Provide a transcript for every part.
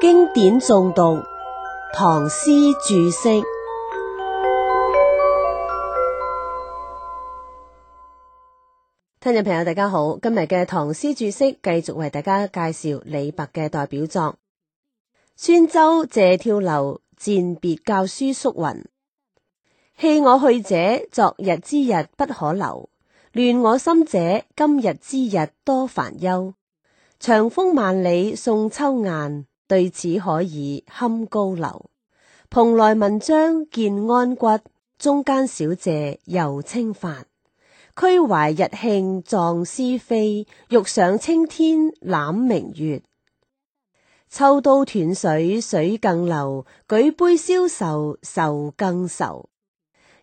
經典誦讀，唐詩注釋。聽眾朋友大家好，今日嘅唐詩注釋繼續為大家介紹李白嘅代表作《宣州謝朓樓餞別校書叔雲》。棄我去者，昨日之日不可留；亂我心者，今日之日多煩憂。長風萬里送秋雁。對此可以堪高樓，蓬萊文章建安骨，中間小謝又清發。俱懷逸興壯思飛，欲上青天攬明月。抽刀斷水，水更流；舉杯消愁，愁更愁。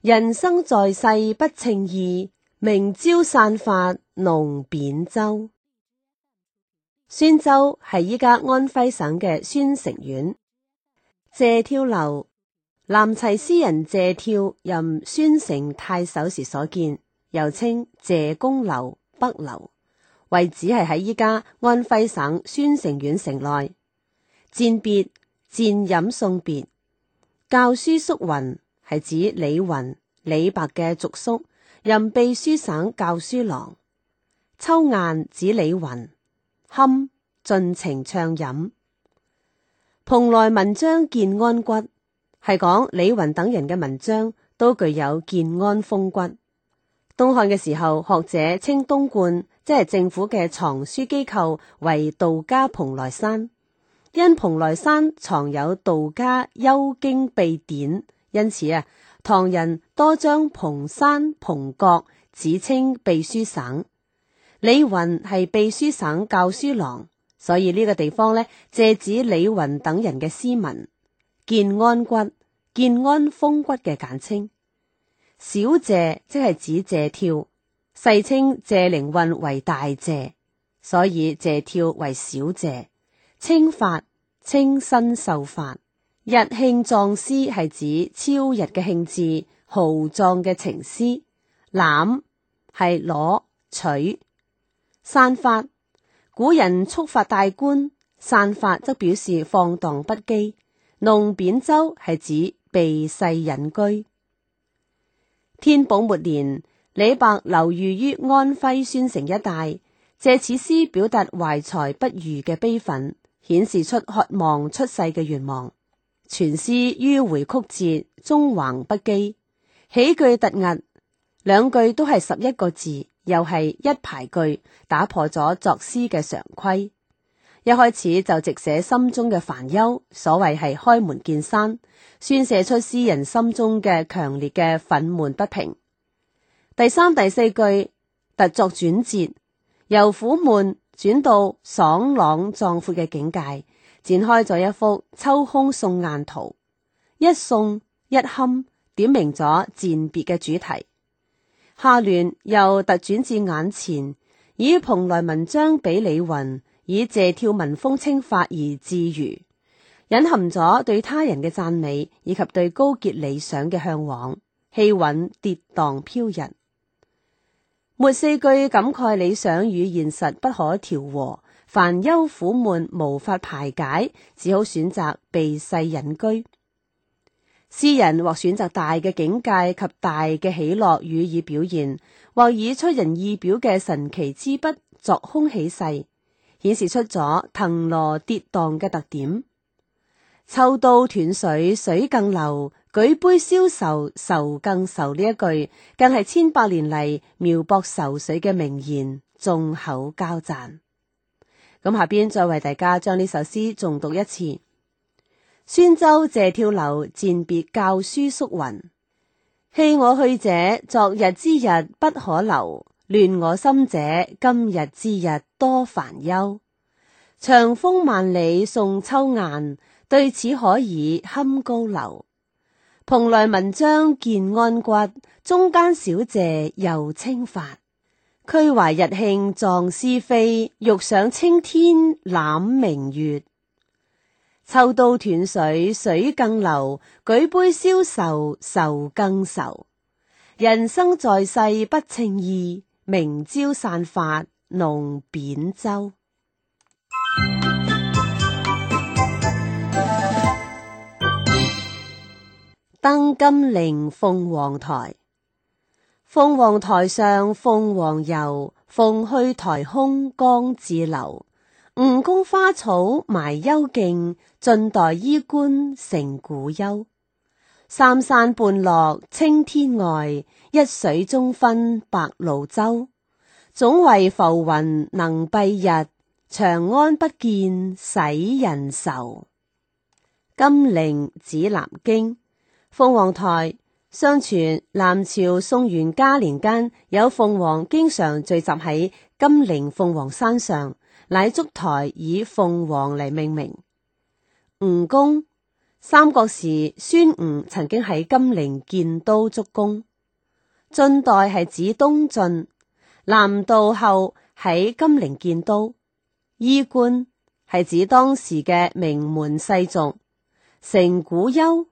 人生在世不稱意，明朝散髮弄扁舟。宣州係依家安徽省嘅宣城縣，謝朓樓南齊詩人謝朓，任宣城太守時所建，又稱謝公樓、北樓，位置係喺依家安徽省宣城縣城內。餞別、餞飲送別，校書叔雲係指李雲、李白嘅族叔，任秘書省校書郎。秋雁指李云。堪盡情暢飲，蓬萊文章建安骨，係講李雲等人嘅文章都具有建安風骨。東漢嘅時候，學者稱東觀，即係政府嘅藏書機構為道家蓬萊山，因蓬萊山藏有道家幽經秘典，因此啊，唐人多將蓬山蓬閣指稱秘書省。李雲係秘書省校書郎，所以呢個地方咧借指李雲等人嘅詩文。建安骨，建安風骨嘅簡稱。小謝即係指謝朓，世稱謝靈運為大謝，所以謝朓為小謝。清發，清新秀發。逸興壯思係指超逸嘅興致豪壯嘅情思。攬係攞取。散髮，古人觸發大官，散髮則表示放蕩不羈。弄扁舟係指避世隱居。天寶末年，李白流寓於安徽宣城一帶，借此詩表達懷才不遇嘅悲憤，顯示出渴望出世嘅願望。全詩迂迴曲折，縱橫不羈，起句突兀，兩句都係十一個字。又係一排句打破咗作詩嘅常規，一開始就直寫心中嘅煩憂，所謂係開門見山，宣泄出詩人心中嘅強烈嘅憤懣不平。第三、第四句突作轉折，由苦悶轉到爽朗壯闊嘅境界，展開咗一幅秋空送雁圖，一送一堪點明咗餞別嘅主題。下聯又突轉至眼前，以蓬萊文章比李雲，以謝朓文風清發而自如，隱含咗對他人嘅讚美以及對高潔理想嘅嚮往。氣韻跌宕飄逸，末四句感慨理想與現實不可調和，煩憂苦悶無法排解，只好選擇避世隱居。詩人或選擇大嘅境界及大嘅喜樂予以表現，或以出人意表嘅神奇之筆作空起勢，顯示出咗騰挪跌宕嘅特點。抽刀斷水，水更流；舉杯消愁，愁更愁。呢一句，更係千百年嚟描薄愁緒嘅名言，眾口交讚。咁下邊再為大家將呢首詩重讀一次。宣州謝朓樓餞別校書叔雲：棄我去者，昨日之日不可留；亂我心者，今日之日多煩憂。長風萬里送秋雁，對此可以酣高樓。蓬萊文章建安骨，中間小謝又清發。俱懷逸興壯思飛，欲上青天攬明月。抽刀斷水，水更流；舉杯消愁，愁更愁。人生在世不稱意，明朝散髮弄扁舟。登金陵鳳凰台，鳳凰台上鳳凰遊，鳳去台空江自流。吳宮花草埋幽徑，晉代衣冠成古丘。三山半落青天外，一水中分白鷺洲。總為浮雲能蔽日，長安不見使人愁。金陵指南京，鳳凰台相傳南朝宋元嘉年間有鳳凰經常聚集喺金陵鳳凰山上。乃竹台以鳳凰嚟命名。吳宮，三國時孫吳曾經喺金陵建都築宮。晉代係指東晉南渡後喺金陵建都。衣冠係指當時嘅名門世族。成古丘，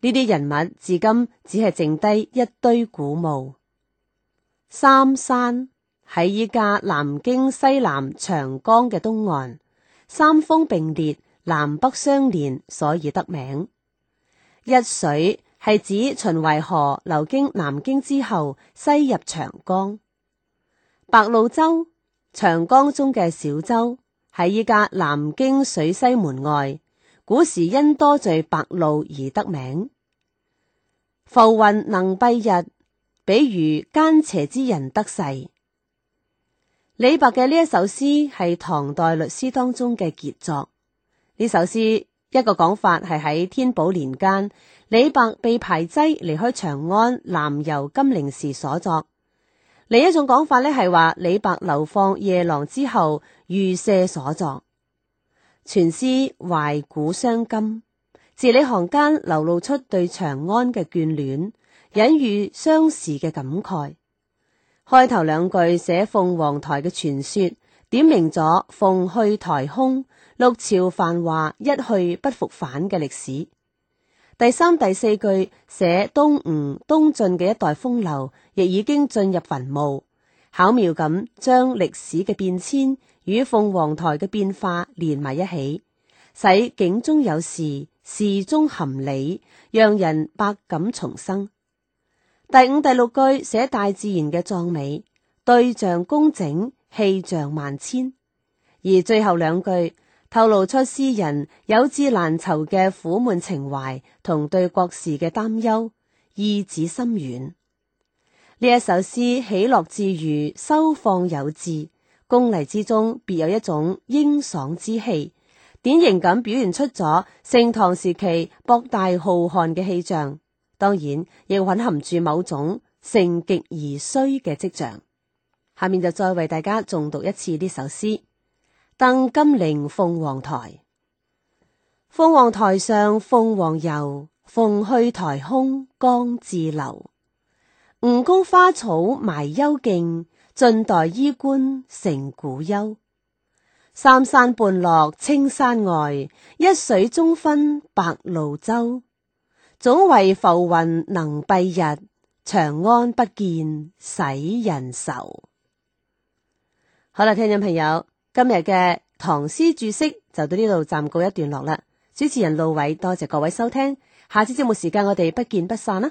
呢啲人物至今只係剩低一堆古墓。三山。喺依家南京西南長江嘅東岸，三峰並列，南北相連，所以得名。一水係指秦淮河流經南京之後西入長江。白鷺洲長江中嘅小洲，喺依家南京水西門外，古時因多聚白鷺而得名。浮雲能蔽日，比喻奸邪之人得勢。李白嘅呢一首詩係唐代律詩當中嘅傑作。呢首詩一個講法係喺天寶年間，李白被排擠離開長安南遊金陵時所作。另一種講法咧係話李白流放夜郎之後遇赦所作。全詩懷古傷今，字裏行間流露出對長安嘅眷戀，隱喻傷時嘅感慨。開頭兩句寫鳳凰台嘅傳說，點明咗鳳去台空、六朝繁華一去不復返嘅歷史。第三、第四句寫東吳、東晉嘅一代風流，亦已經進入墳墓。巧妙咁將歷史嘅變遷與鳳凰台嘅變化連埋一起，使景中有事，事中含理，讓人百感重生。第五、第六句寫大自然嘅壯美，對仗工整，氣象萬千；而最後兩句透露出詩人有志難酬嘅苦悶情懷同對國事嘅擔憂，意旨深遠。呢一首詩起落自如，收放有致，工麗之中別有一種英爽之氣，典型咁表現出咗盛唐時期博大浩瀚嘅氣象。當然，亦蘊含住某種盛極而衰嘅跡象。下面就再為大家誦讀一次呢首詩：《登金陵鳳凰台》。鳳凰台上鳳凰遊，鳳去台空江自流。吳宮花草埋幽徑，晉代衣冠成古丘。三山半落青山外，一水中分白鷺洲。總為浮雲能蔽日，長安不見使人愁。好啦，聽眾朋友，今日嘅唐詩注釋就到呢度暫告一段落啦。主持人路偉，多謝各位收聽，下次節目時間我哋不見不散啦。